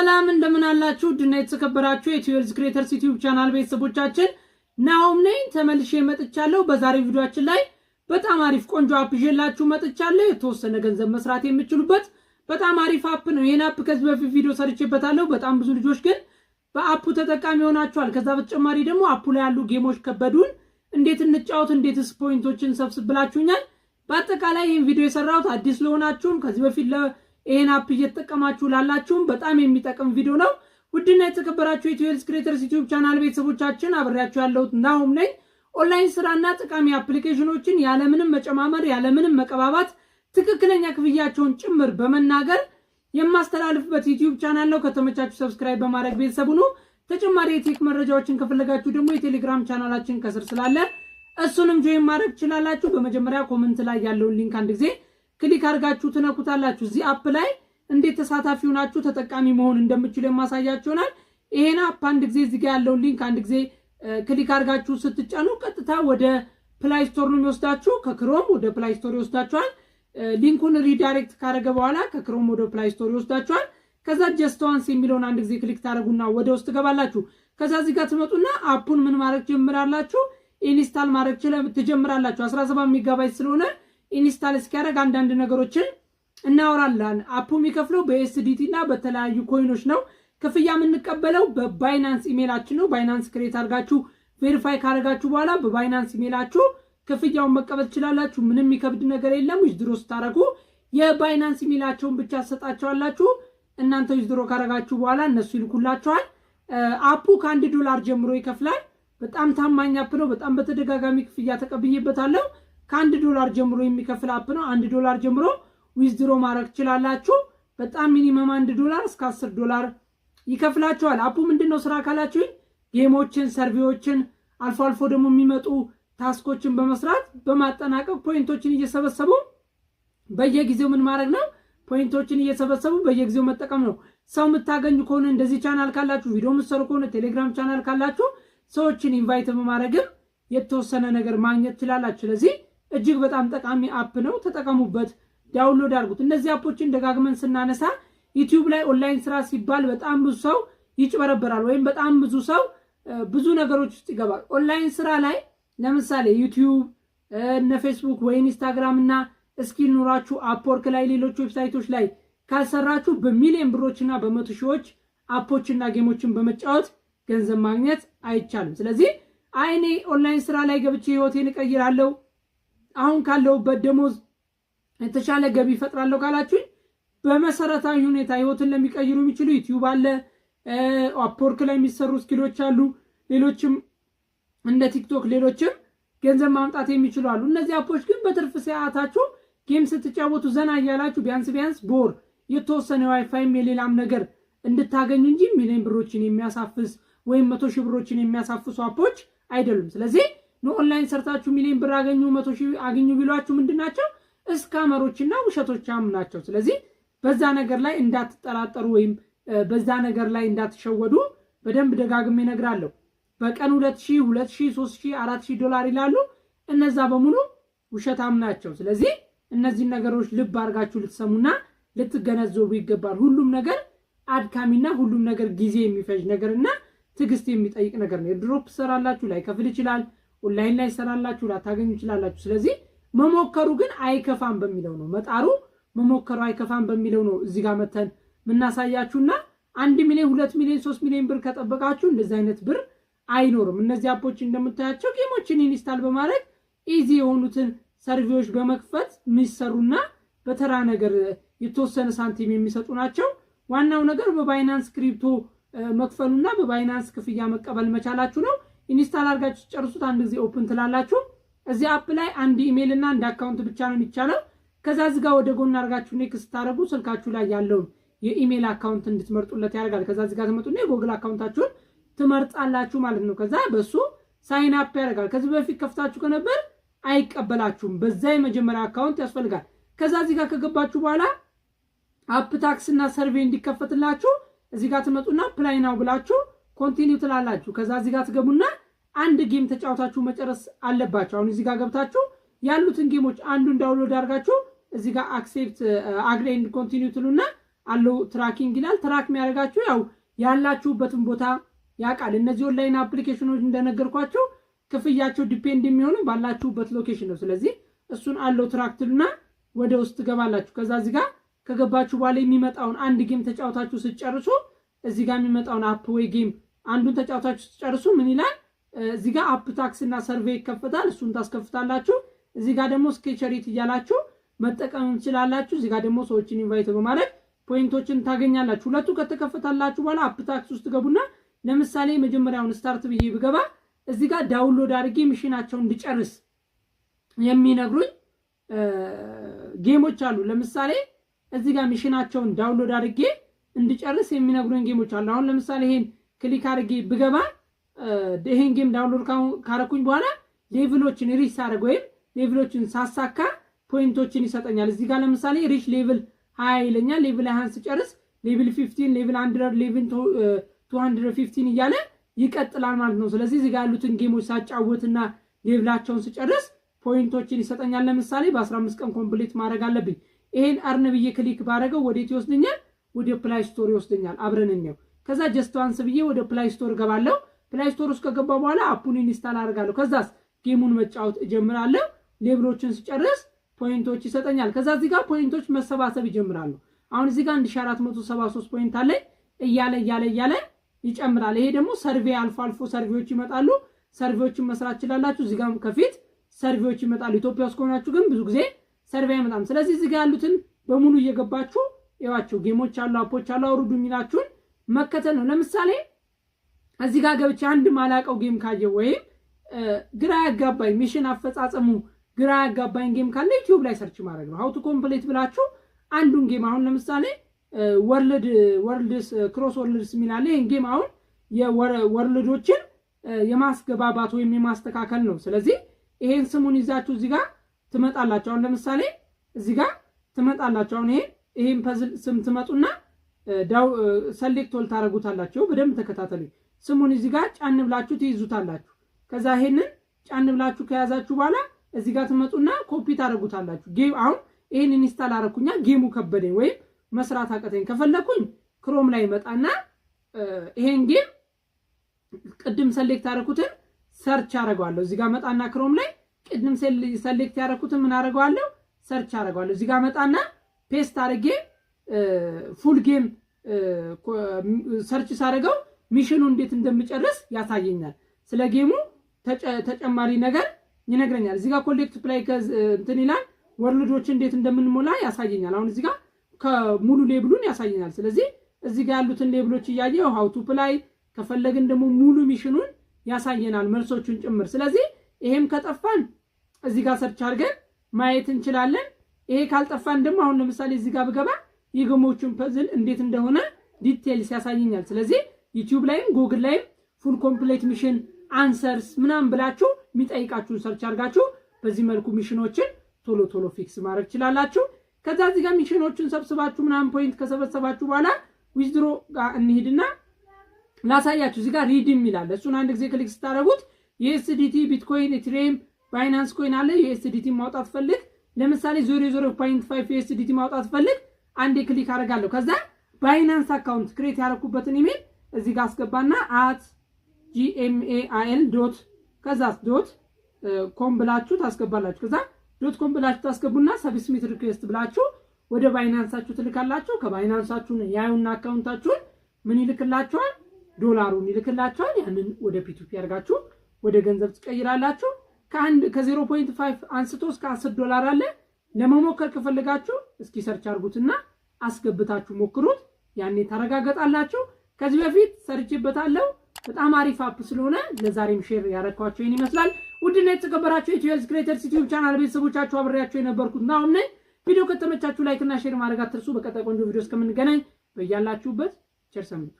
ሰላም እንደምን አላችሁ? ድና የተከበራችሁ የቲዩልዝ ክሬተርስ ዩቲዩብ ቻናል ቤተሰቦቻችን ናሆም ነኝ። ተመልሼ መጥቻለሁ። በዛሬው ቪዲዮአችን ላይ በጣም አሪፍ ቆንጆ አፕ ይዤላችሁ መጥቻለሁ። የተወሰነ ገንዘብ መስራት የምችሉበት በጣም አሪፍ አፕ ነው። ይህን አፕ ከዚህ በፊት ቪዲዮ ሰርቼበታለሁ። በጣም ብዙ ልጆች ግን በአፑ ተጠቃሚ ሆናችኋል። ከዛ በተጨማሪ ደግሞ አፑ ላይ ያሉ ጌሞች ከበዱን፣ እንዴት እንጫወት፣ እንዴትስ ፖይንቶችን ሰብስብላችሁኛል። በአጠቃላይ ይህን ቪዲዮ የሰራሁት አዲስ ለሆናችሁም ከዚህ በፊት ይህን አፕ እየተጠቀማችሁ ላላችሁም በጣም የሚጠቅም ቪዲዮ ነው። ውድና የተከበራችሁ የኢትዮ ሄልዝ ክሬተርስ ዩቲዩብ ቻናል ቤተሰቦቻችን አብሬያችሁ ያለሁት ናሁም ነኝ። ኦንላይን ስራና ጠቃሚ አፕሊኬሽኖችን ያለምንም መጨማመር ያለምንም መቀባባት ትክክለኛ ክፍያቸውን ጭምር በመናገር የማስተላልፍበት ዩቲዩብ ቻናል ነው። ከተመቻችሁ ሰብስክራይብ በማድረግ ቤተሰብ ሁኑ። ተጨማሪ የቴክ መረጃዎችን ከፈለጋችሁ ደግሞ የቴሌግራም ቻናላችን ከስር ስላለ እሱንም ጆይን ማድረግ ትችላላችሁ። በመጀመሪያ ኮመንት ላይ ያለውን ሊንክ አንድ ጊዜ ክሊክ አድርጋችሁ ትነኩታላችሁ። እዚህ አፕ ላይ እንዴት ተሳታፊ ሆናችሁ ተጠቃሚ መሆን እንደምችሉ የማሳያችሁ ይሆናል። ይሄን አፕ አንድ ጊዜ እዚህ ጋር ያለውን ሊንክ አንድ ጊዜ ክሊክ አድርጋችሁ ስትጫኑ ቀጥታ ወደ ፕላይ ስቶር ነው የሚወስዳችሁ። ከክሮም ወደ ፕላይ ስቶር ይወስዳችኋል። ሊንኩን ሪዳይሬክት ካደረገ በኋላ ከክሮም ወደ ፕላይ ስቶር ይወስዳችኋል። ከዛ ጀስት ዋንስ የሚለውን አንድ ጊዜ ክሊክ ታደረጉና ወደ ውስጥ ትገባላችሁ። ከዛ እዚህ ጋር ትመጡና አፑን ምን ማድረግ ጀምራላችሁ፣ ኢንስታል ማድረግ ትጀምራላችሁ። 17 ሜጋባይት ስለሆነ ኢንስታል እስኪያደርግ አንዳንድ ነገሮችን እናወራለን። አፑ የሚከፍለው በኤስዲቲ እና በተለያዩ ኮይኖች ነው። ክፍያ የምንቀበለው በባይናንስ ኢሜላችን ነው። ባይናንስ ክሬት አድርጋችሁ ቬሪፋይ ካደረጋችሁ በኋላ በባይናንስ ኢሜላችሁ ክፍያውን መቀበል ትችላላችሁ። ምንም የሚከብድ ነገር የለም። ዊዝድሮ ስታደረጉ የባይናንስ ኢሜላቸውን ብቻ ሰጣቸዋላችሁ። እናንተ ዊዝድሮ ካደረጋችሁ በኋላ እነሱ ይልኩላቸዋል። አፑ ከአንድ ዶላር ጀምሮ ይከፍላል። በጣም ታማኝ አፕ ነው። በጣም በተደጋጋሚ ክፍያ ተቀብዬበታለሁ። ከአንድ ዶላር ጀምሮ የሚከፍል አፕ ነው። አንድ ዶላር ጀምሮ ዊዝድሮ ማድረግ ትችላላችሁ። በጣም ሚኒመም አንድ ዶላር እስከ አስር ዶላር ይከፍላችኋል። አፑ ምንድን ነው ስራ ካላችሁ ጌሞችን፣ ሰርቬዎችን አልፎ አልፎ ደግሞ የሚመጡ ታስኮችን በመስራት በማጠናቀቅ ፖይንቶችን እየሰበሰቡ በየጊዜው ምን ማድረግ ነው? ፖይንቶችን እየሰበሰቡ በየጊዜው መጠቀም ነው። ሰው የምታገኙ ከሆነ እንደዚህ ቻናል ካላችሁ፣ ቪዲዮ የምትሰሩ ከሆነ ቴሌግራም ቻናል ካላችሁ ሰዎችን ኢንቫይት በማድረግም የተወሰነ ነገር ማግኘት ትችላላችሁ። ስለዚህ እጅግ በጣም ጠቃሚ አፕ ነው። ተጠቀሙበት፣ ዳውንሎድ አድርጉት። እነዚህ አፖችን ደጋግመን ስናነሳ ዩቲዩብ ላይ ኦንላይን ስራ ሲባል በጣም ብዙ ሰው ይጭበረበራል፣ ወይም በጣም ብዙ ሰው ብዙ ነገሮች ውስጥ ይገባል። ኦንላይን ስራ ላይ ለምሳሌ ዩቲዩብ እነ ፌስቡክ ወይ ኢንስታግራም እና እስኪል ኑራችሁ አፕወርክ ላይ ሌሎች ዌብሳይቶች ላይ ካልሰራችሁ በሚሊዮን ብሮችና በመቶ ሺዎች አፖችና ጌሞችን በመጫወት ገንዘብ ማግኘት አይቻልም። ስለዚህ አይኔ ኦንላይን ስራ ላይ ገብቼ ህይወቴን እቀይራለሁ አሁን ካለሁበት ደሞዝ የተሻለ ገቢ ይፈጥራለሁ ካላችሁኝ በመሰረታዊ ሁኔታ ህይወትን ለሚቀይሩ የሚችሉ ዩቲዩብ አለ፣ አፕወርክ ላይ የሚሰሩ ስኪሎች አሉ። ሌሎችም እንደ ቲክቶክ፣ ሌሎችም ገንዘብ ማምጣት የሚችሉ አሉ። እነዚህ አፖች ግን በትርፍ ሰዓታችሁ ጌም ስትጫወቱ ዘና እያላችሁ ቢያንስ ቢያንስ ቦር የተወሰነ ዋይፋይም የሌላም ነገር እንድታገኙ እንጂ ሚሊዮን ብሮችን የሚያሳፍስ ወይም መቶ ሺህ ብሮችን የሚያሳፍሱ አፖች አይደሉም። ስለዚህ ኦንላይን ሰርታችሁ ሚሊዮን ብር አገኙ፣ መቶ ሺህ አገኙ ቢሏችሁ ምንድን ናቸው? እስካመሮችና ውሸቶቻም ናቸው። ስለዚህ በዛ ነገር ላይ እንዳትጠራጠሩ ወይም በዛ ነገር ላይ እንዳትሸወዱ በደንብ ደጋግሜ እነግራለሁ። በቀን 2000፣ 2000፣ 3000፣ 4000 ዶላር ይላሉ። እነዛ በሙሉ ውሸታም ናቸው። ስለዚህ እነዚህን ነገሮች ልብ አድርጋችሁ ልትሰሙና ልትገነዘቡ ይገባል። ሁሉም ነገር አድካሚና ሁሉም ነገር ጊዜ የሚፈጅ ነገርና ትዕግስት የሚጠይቅ ነገር ነው። የድሮፕ ትሰራላችሁ፣ ላይ ከፍል ይችላል ኦንላይን ላይ ይሰራላችሁ ላታገኙ ይችላላችሁ። ስለዚህ መሞከሩ ግን አይከፋም በሚለው ነው መጣሩ መሞከሩ አይከፋም በሚለው ነው እዚህ ጋር መተን የምናሳያችሁና አንድ ሚሊዮን ሁለት ሚሊዮን ሶስት ሚሊዮን ብር ከጠበቃችሁ እንደዚህ አይነት ብር አይኖርም። እነዚህ አፖች እንደምታያቸው ጌሞችን ኢንስታል በማድረግ ኢዚ የሆኑትን ሰርቪዎች በመክፈት የሚሰሩና በተራ ነገር የተወሰነ ሳንቲም የሚሰጡ ናቸው። ዋናው ነገር በባይናንስ ክሪፕቶ መክፈሉና በባይናንስ ክፍያ መቀበል መቻላችሁ ነው። ኢንስታል አድርጋችሁ ጨርሱት። አንድ ጊዜ ኦፕን ትላላችሁ። እዚህ አፕ ላይ አንድ ኢሜይል እና አንድ አካውንት ብቻ ነው የሚቻለው። ከዛ እዚህ ጋር ወደ ጎን አድርጋችሁ ኔክስት ታደረጉ ስልካችሁ ላይ ያለውን የኢሜይል አካውንት እንድትመርጡለት ያደርጋል። ከዛ እዚህ ጋር ትመጡና የጎግል አካውንታችሁን ትመርጣላችሁ ማለት ነው። ከዛ በሱ ሳይን አፕ ያደርጋል። ከዚህ በፊት ከፍታችሁ ከነበር አይቀበላችሁም። በዛ የመጀመሪያ አካውንት ያስፈልጋል። ከዛ እዚህ ጋር ከገባችሁ በኋላ አፕ ታክስ እና ሰርቬይ እንዲከፈትላችሁ እዚህ ጋር ትመጡና ፕላይ ብላችሁ ኮንቲኒው ትላላችሁ። ከዛ እዚህ ጋር ትገቡና አንድ ጌም ተጫውታችሁ መጨረስ አለባችሁ። አሁን እዚህ ጋር ገብታችሁ ያሉትን ጌሞች አንዱን ዳውንሎድ አድርጋችሁ እዚህ ጋር አክሴፕት uh, አግሪ ኤንድ ትሉና አለው ትራኪንግ ይላል። ትራክ የሚያደርጋችሁ ያው ያላችሁበትን ቦታ ያውቃል። እነዚህ ኦንላይን አፕሊኬሽኖች እንደነገርኳቸው ክፍያቸው ዲፔንድ የሚሆኑ ባላችሁበት ሎኬሽን ነው። ስለዚህ እሱን አለው ትራክ ትሉና ወደ ውስጥ ትገባላችሁ። ከዛ እዚህ ጋር ከገባችሁ በኋላ የሚመጣውን አንድ ጌም ተጫውታችሁ ስትጨርሱ እዚህ ጋር የሚመጣውን አፕ ወይ ጌም አንዱን ተጫውታችሁ ስትጨርሱ ምን ይላል እዚህ ጋር አፕ ታክስ እና ሰርቬይ ይከፈታል። እሱን ታስከፍታላችሁ። እዚህ ጋር ደግሞ ስኬቸሪት እያላችሁ መጠቀም ትችላላችሁ። እዚህ ጋር ደግሞ ሰዎችን ኢንቫይት በማድረግ ፖይንቶችን ታገኛላችሁ። ሁለቱ ከተከፈታላችሁ በኋላ አፕ ታክስ ውስጥ ገቡና ለምሳሌ መጀመሪያውን ስታርት ብዬ ብገባ እዚህ ጋር ዳውንሎድ አድርጌ ሚሽናቸውን እንድጨርስ የሚነግሩኝ ጌሞች አሉ። ለምሳሌ እዚህ ጋር ሚሽናቸውን ዳውንሎድ አድርጌ እንድጨርስ የሚነግሩኝ ጌሞች አሉ። አሁን ለምሳሌ ይሄን ክሊክ አድርጌ ብገባ ይሄን ጌም ዳውንሎድ ካረኩኝ በኋላ ሌቭሎችን ሪች ሳደርግ ወይም ሌቭሎችን ሳሳካ ፖይንቶችን ይሰጠኛል። እዚህ ጋር ለምሳሌ ሪች ሌቭል ሀያ ይለኛል። ሌቭል ሀያን ስጨርስ ሌቭል ፊፍቲን፣ ሌቭል አንድረድ፣ ሌቭል ቱ ሀንድረድ ፊፍቲን እያለ ይቀጥላል ማለት ነው። ስለዚህ እዚህ ጋር ያሉትን ጌሞች ሳጫወትና ሌቭላቸውን ስጨርስ ፖይንቶችን ይሰጠኛል። ለምሳሌ በ15 ቀን ኮምፕሊት ማድረግ አለብኝ። ይሄን አርን ብዬ ክሊክ ባደረገው ወዴት ይወስደኛል? ወደ ፕላይ ስቶር ይወስደኛል። አብረን እንየው። ከዛ ጀስት ዋንስ ብዬ ወደ ፕላይ ስቶር እገባለሁ። ፕላይ ስቶር ውስጥ ከገባ በኋላ አፑን ኢንስታል አደርጋለሁ። ከዛስ ጌሙን መጫወት እጀምራለሁ። ሌብሎችን ስጨርስ ፖይንቶች ይሰጠኛል። ከዛ እዚህ ጋር ፖይንቶች መሰባሰብ ይጀምራሉ። አሁን እዚህ ጋር 1473 ፖይንት አለኝ እያለ እያለ እያለ ይጨምራል። ይሄ ደግሞ ሰርቬ አልፎ አልፎ ሰርቬዎች ይመጣሉ። ሰርቬዎችን መስራት ይችላላችሁ። እዚህ ጋር ከፊት ሰርቬዎች ይመጣሉ። ኢትዮጵያ ውስጥ ከሆናችሁ ግን ብዙ ጊዜ ሰርቬ አይመጣም። ስለዚህ እዚህ ጋር ያሉትን በሙሉ እየገባችሁ ይዋችሁ ጌሞች አሉ፣ አፖች አሉ፣ አውርዱ የሚላችሁን መከተል ነው። ለምሳሌ እዚህ ጋር ገብቼ አንድ ማላቀው ጌም ካየ ወይም ግራ ያጋባኝ ሚሽን አፈጻጸሙ ግራ ያጋባኝ ጌም ካለ ዩቲዩብ ላይ ሰርች ማድረግ ነው። ሀውቱ ኮምፕሌት ብላችሁ አንዱን ጌም አሁን ለምሳሌ ወርልድ ወርልድስ ክሮስ ወርልድስ የሚላለ ይህን ጌም አሁን የወርልዶችን የማስገባባት ወይም የማስተካከል ነው። ስለዚህ ይሄን ስሙን ይዛችሁ እዚህ ጋር ትመጣላችሁ። አሁን ለምሳሌ እዚህ ጋር ትመጣላችሁ። አሁን ይሄ ይሄን ፐዝል ስም ትመጡና ዳው ሰሌክት ወል ታደርጉታላችሁ። በደንብ ተከታተሉኝ። ስሙን እዚህ ጋር ጫን ብላችሁ ትይዙታላችሁ። ከዛ ይሄንን ጫን ብላችሁ ከያዛችሁ በኋላ እዚህ ጋር ትመጡና ኮፒ ታደርጉታላችሁ። ጌም አሁን ይሄን ኢንስታል አረኩኛ ጌሙ ከበደኝ ወይም መስራት አቀተኝ ከፈለኩኝ ክሮም ላይ መጣና ይሄን ጌም ቅድም ሰሌክት ያደረኩትን ሰርች አደርገዋለሁ። እዚህ ጋር መጣና ክሮም ላይ ቅድም ሰሌክት ያደረኩትን ምን አደርገዋለሁ? ሰርች አደርገዋለሁ። እዚህ ጋር መጣና ፔስት አድርጌ ፉል ጌም ሰርች ሳደርገው ሚሽኑ እንዴት እንደምጨርስ ያሳየኛል። ስለ ጌሙ ተጨማሪ ነገር ይነግረኛል። እዚህ ጋር ኮሌክት ፕላይ እንትን ይላል። ወርልዶች እንዴት እንደምንሞላ ያሳየኛል። አሁን እዚህ ጋር ከሙሉ ሌብሉን ያሳየኛል። ስለዚህ እዚህ ጋር ያሉትን ሌብሎች እያየ ሀውቱ ፕላይ ከፈለግን ደግሞ ሙሉ ሚሽኑን ያሳየናል፣ መልሶቹን ጭምር። ስለዚህ ይሄም ከጠፋን እዚህ ጋር ሰርች አድርገን ማየት እንችላለን። ይሄ ካልጠፋን ደግሞ አሁን ለምሳሌ እዚህ ጋር ብገባ የገሞቹን ፐዝል እንዴት እንደሆነ ዲቴይልስ ያሳየኛል። ስለዚህ ዩቲዩብ ላይም ጉግል ላይም ፉል ኮምፕሌት ሚሽን አንሰርስ ምናምን ብላችሁ የሚጠይቃችሁን ሰርች አድርጋችሁ በዚህ መልኩ ሚሽኖችን ቶሎ ቶሎ ፊክስ ማድረግ ትችላላችሁ። ከዛ እዚህ ጋር ሚሽኖችን ሰብስባችሁ ምናምን ፖይንት ከሰበሰባችሁ በኋላ ዊዝድሮ ጋር እንሂድና ላሳያችሁ። እዚህ ጋር ሪድም ይላል። እሱን አንድ ጊዜ ክሊክ ስታደረጉት የኤስዲቲ ቢትኮይን፣ ኢትሬም፣ ባይናንስ ኮይን አለ። የኤስዲቲ ማውጣት ፈልግ ለምሳሌ ዞሮ ዞሮ ፖይንት ፋይቭ ዩኤስዲቲ ማውጣት ፈልግ አንዴ ክሊክ አደርጋለሁ። ከዛ ባይናንስ አካውንት ክሬት ያደረኩበትን ኢሜል እዚህ ጋር አስገባና አት ጂኤምኤአይኤል ዶት ከዛ ዶት ኮም ብላችሁ ታስገባላችሁ። ከዛ ዶት ኮም ብላችሁ ታስገቡና ሰብስሚት ሪኩዌስት ብላችሁ ወደ ባይናንሳችሁ ትልካላችሁ። ከባይናንሳችሁን ያዩና አካውንታችሁን ምን ይልክላችኋል? ዶላሩን ይልክላችኋል። ያንን ወደ ፒቱፒ ያርጋችሁ ወደ ገንዘብ ትቀይራላችሁ። ከአንድ ከዜሮ ፖይንት አንስቶ እስከ አስር ዶላር አለ። ለመሞከር ከፈለጋችሁ እስኪ ሰርች አርጉትና አስገብታችሁ ሞክሩት። ያኔ ታረጋገጣላችሁ። ከዚህ በፊት ሰርችበታለሁ። በጣም አሪፍ አፕ ስለሆነ ለዛሬም ሼር ያደረኳቸው ይህን ይመስላል። ውድና የተከበራችሁ የትዌልዝ ክሬተርስ ዩቲዩብ ቻናል ቤተሰቦቻችሁ አብሬያቸው የነበርኩት ናሁም ነኝ። ቪዲዮ ከተመቻችሁ ላይክና ሼር ማድረግ አትርሱ። በቀጣይ ቆንጆ ቪዲዮ እስከምንገናኝ በያላችሁበት ቸር ሰንብቱ።